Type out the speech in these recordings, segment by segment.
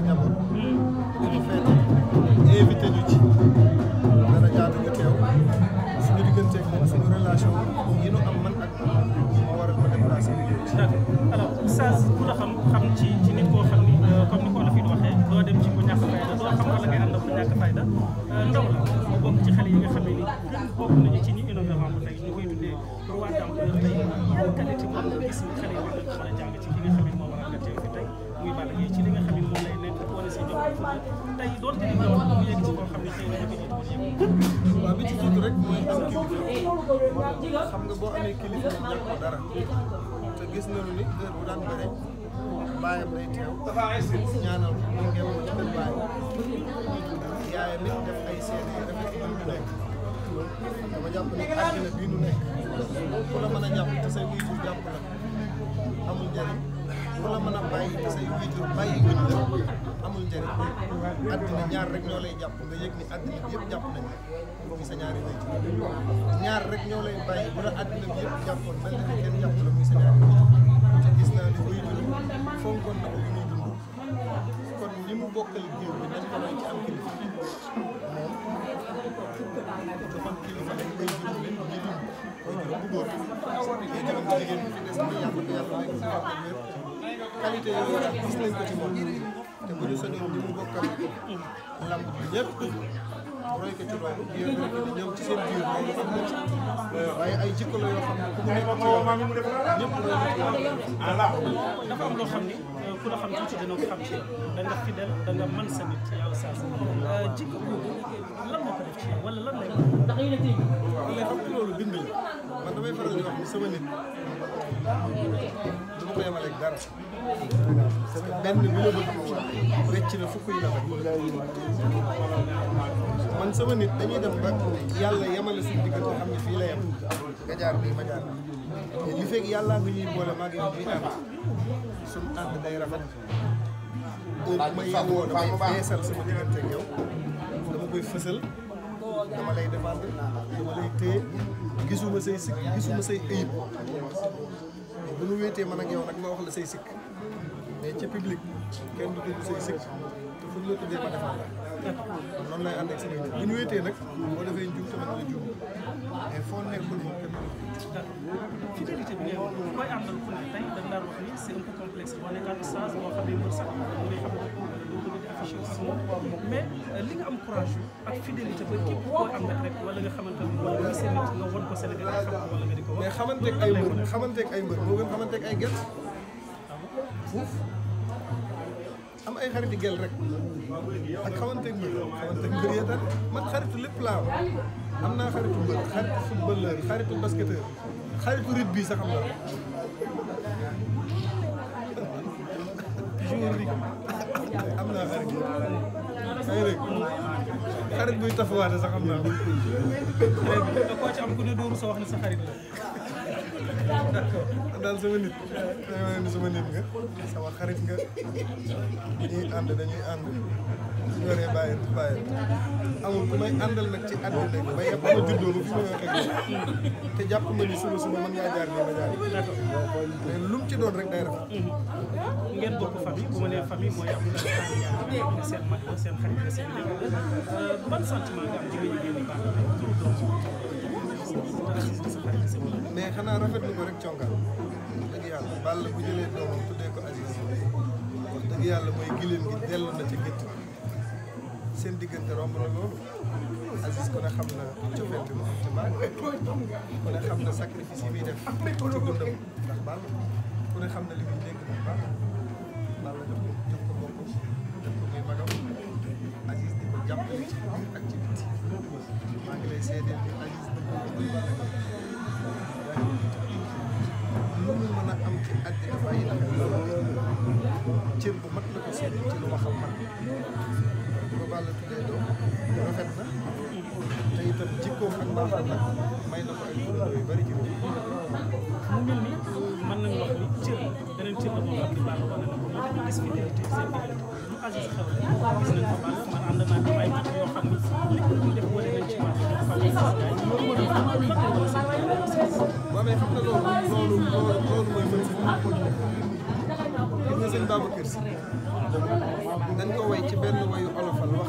ko ñamoon dañu feete invité ñu ci dana jaadu ñu teew suñu digganteeg moom suñu relation yi nu am man ak moo waral ma déplacé bi ci alors Oustaz ku la xam xam ci ci nit koo xam ni euh, comme ni ko la fi waxee doo dem ci ku ñàkk fayda doo xam wala ngay ànd ku ñàkk fayda euh, ndaw la mu bokk ci xale yi nga xam ne ni gën bokk nañu ci ñi innovant bu tey ñu koy tuddee roi d'ampleur tey yan qualité moom nga gis xale yi war a mën a jàng ci ki nga tey doon tey man man mu yegg ci koo xam ne xëy na dafa ñu doon yëngu. waaw xam nga boo amee kilifa def ko dara te gis nañu ni heure bu daan bëre baayam day teew ñaanal ko mu ngeem ko ci kër baayam yaayam it def ay seede yi rafet man ñu nekk dama jàpp ne àddina bii nu nekk ku la mën a jàpp te say wuyjur jàpp la amul njëriñ ku la mën a bàyyi te say wuyjur bàyyi wuñ la amul njëriñ addina ñaar rek ñoo lay jàpp nga yëg ni addina bi ñaar rek ñoo lay bàyyi bu addina bi na ni kenn jàpp la muy sa ñaari wéy te gis naa ni wéy dund fonkoon na ko bi muy dund kon ñi mu bokkal géew bi dañ ko doon ci am kilifa dafa am kilifa rek wéy dund lañ ko jënd wéy dund bu góor yéen jëlam bu jigéen bi fi des muy yàlla yàlla rek qualité yooyu gis nañ ko ci moom te bu ñu soñoon ñu bokk ak lamb bi ñëpp roy ko ci loolu yéen ñoom ci seen biir moom am na ci waaye ay jikko la yoo xam ne ku mu nekk ci yow ñëpp roy ko ci loolu dafa am loo xam ni euh, ku la xam tuuti dana ko xam ci da nga fidèle da nga mën sa nit yow saa si euh, jikko boobu lan moo ko def ci wala lan lay wax ndax yéen a téye loolu bind la man damay faral di wax ni sama nit dama ko yemale ak dara parce que benn bi ma bëgg rëcc na fukk yu rafet man sama nit dañuy def ba yàlla yemale suñu diggante xam ne fii la yem nga jaar bii ma jaar te li fekk yàllaa nga ñuy boole maa ngi ñuy ànd suñu ànd day rafet heure ma yewoo damay beesal dama koy fësal dama lay défendre dama lay téye gisuma say sikk gisuma say ayib bu nu man ak yow nag ma wax la say sikk mais ci public kenn du tudd say sikk te fu ñu la tuddee ma la noonu nag boo la juum mais foo nekkul moom wax koy àndal ku ne tey dañ daan wax ni c'est un sax moom mais li nga am courage ak fidélité ba képp koo am nag rek wala nga xamante ne wala nga seen nga won ko Sénégal nga xam wala nga di ko wax. mais xamanteeg ay mbër xamanteeg ay mbër moo gën xamanteeg ay gel fuuf am ay xariti gel rek ak xamanteeg mbër xamanteeg mbër yee tamit man xaritu lépp laa am naa xaritu mbër xaritu footballeur xaritu basketteur xaritu rythme bi sax am naa. toujours am naa xarit xëy rek xarit buy tafawaate sax am naa xarit bi nga koo ci am ku ne dóoru sa wax ne sa xarit la daal sama nit day ni sama nit nga sama xarit nga ñuy ànd dañuy ànd su waree bàyyi bàyyi amul ku may àndal nag ci àddina ba yëpp ma juddoo ba fi ma waxee te jàpp ma ni suba suba mën ngaa jaar ma jaar mais ci doon rek day ngeen bokk bu ma am na xarit ban sentiment nga am ci mais xanaa rafetlu ko rek congal wax dëgg yàlla Balla bu jëlee doomam tuddee ko Aziz yàlla mooy gileem gi dellu na ci gétt seen diggante romb na loolu Aziz ko ne xam na cofeeti mu am ci Balla ku ne xam na sacrifice yi muy def ci dundam ndax Balla ku ne xam na li muy dégg ndax Balla Balla def ko jox ko boppam def ko muy magam Aziz di ci ak ci biti maa ngi lay seedeel lu mu mën a am ci àddina bàyyi la cër bu mat la ko seen ci lu ma xam man ko bàlla tuddee doom rafet na te itam jikkoom ak baaxam nag may na ko ay góor yu bari ci mu mel ni mën nañu wax ni cër beneen cër la moo xam ne bàlla wane na ko moom gis fi ne te seen diggante ñu Aziz xew gis nañ ko bàlla man ànd naa ko ay yoo xam ni lépp lu mu def wane nañ ci man waaw mais xam nga loolu loolu loolu mooy mën si. gis nga sëñ Babacar Si dañ ko way ci benn wayu olofal wax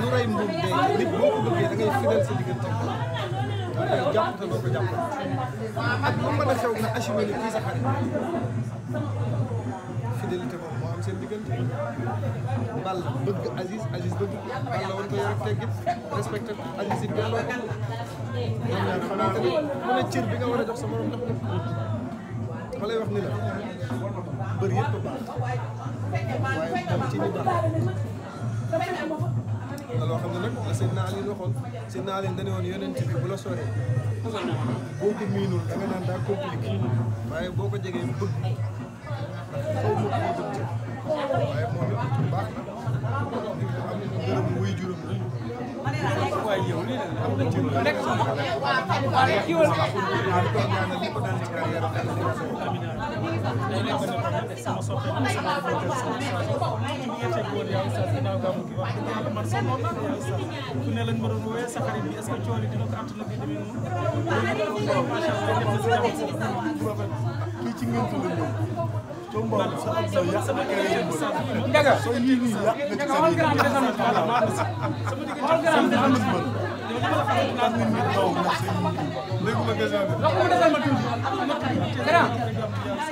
lu rey mbuum dee nit boo ko bëggee da ngay fidèle sa diggante ak moom jàpp te doo ko jàpp ak lu mën a xew nga assumé ni kii sa xarit fidélité moom moo am seen diggante Balla bëgg Aziz Aziz bëgg Balla woon ko yor ak teggit respecté ko Aziz it delloo ko ñoom ñaar xamante ne mu ne cër bi nga war a jox sa morom ndax ma lay wax ni la bëri yëpp baax waaye tam ci ni baax te loo xam ne nag la seen naa leen waxoon seen naa leen dañu woon yonent bi bu la soree boo ko miinul da nga naan daa compliqué waaye boo ko jegee bëgg foo mu ko jëm ci waaye moom it baax na nit ku am gërëm wuy juróom waaye yow lii la am na ci rek li ko dal ci carrière wër yaa ngi saa si ginnaaw gàmmu gi wax dëgg yàlla man sax moom laa yaa ngi saa ku ne lañ ma doon woowee sa xarit bi est ce que coono dina ko àttan ak yu demee noonu loolu macha allah def na si jàmm si kii ci ngeen tudd ñoom soo mboq sa sa sama kër sa njaga soo yii nii yàq nga ci sa nit ñi voilà maa ngi si sama diggante ak sa nit ñi man nit ñi taw ndax sa yii léegi ma question bi.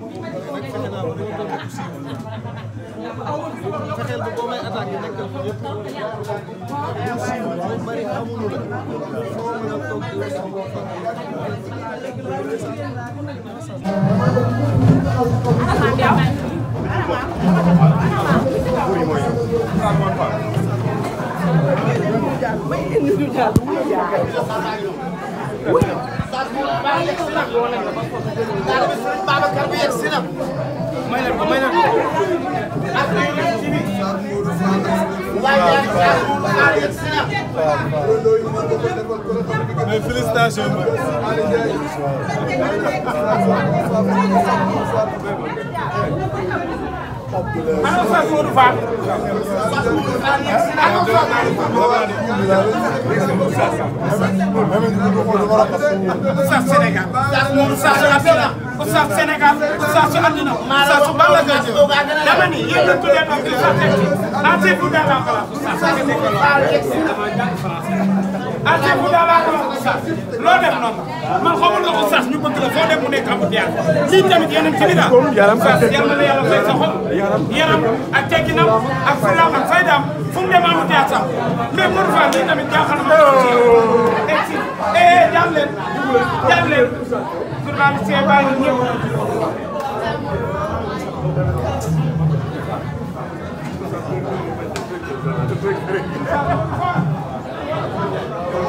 ak ñu nekkal fi yëpp ñu siiw ñu bëri xamuñu la foo mën a toog di sa bopp ak Babacar bi yegg si na may leen ko may leen ko mais félicitations Sénégal oustaz Sénégal oustaz su àddina oustaz su Balla Gaye dama ni yéen la tuddee ak oustaz tekki assez-vous dans la place oustaz assez-vous dans la place oustaz loo def noonu man xamul nga oustaz ñu bëgg la foo dem mu nekk am diar lii tamit yeneen ci biir oustaz yàlla na yàlla fay sa xol yaram ak tegginam ak fulaam ak faydaam fu mu dem amu diar sax mais pour fa lii tamit jaaxal ma ci yow et ci eh, eh jàmm leen jàmm leen journaliste baa ngi ñëw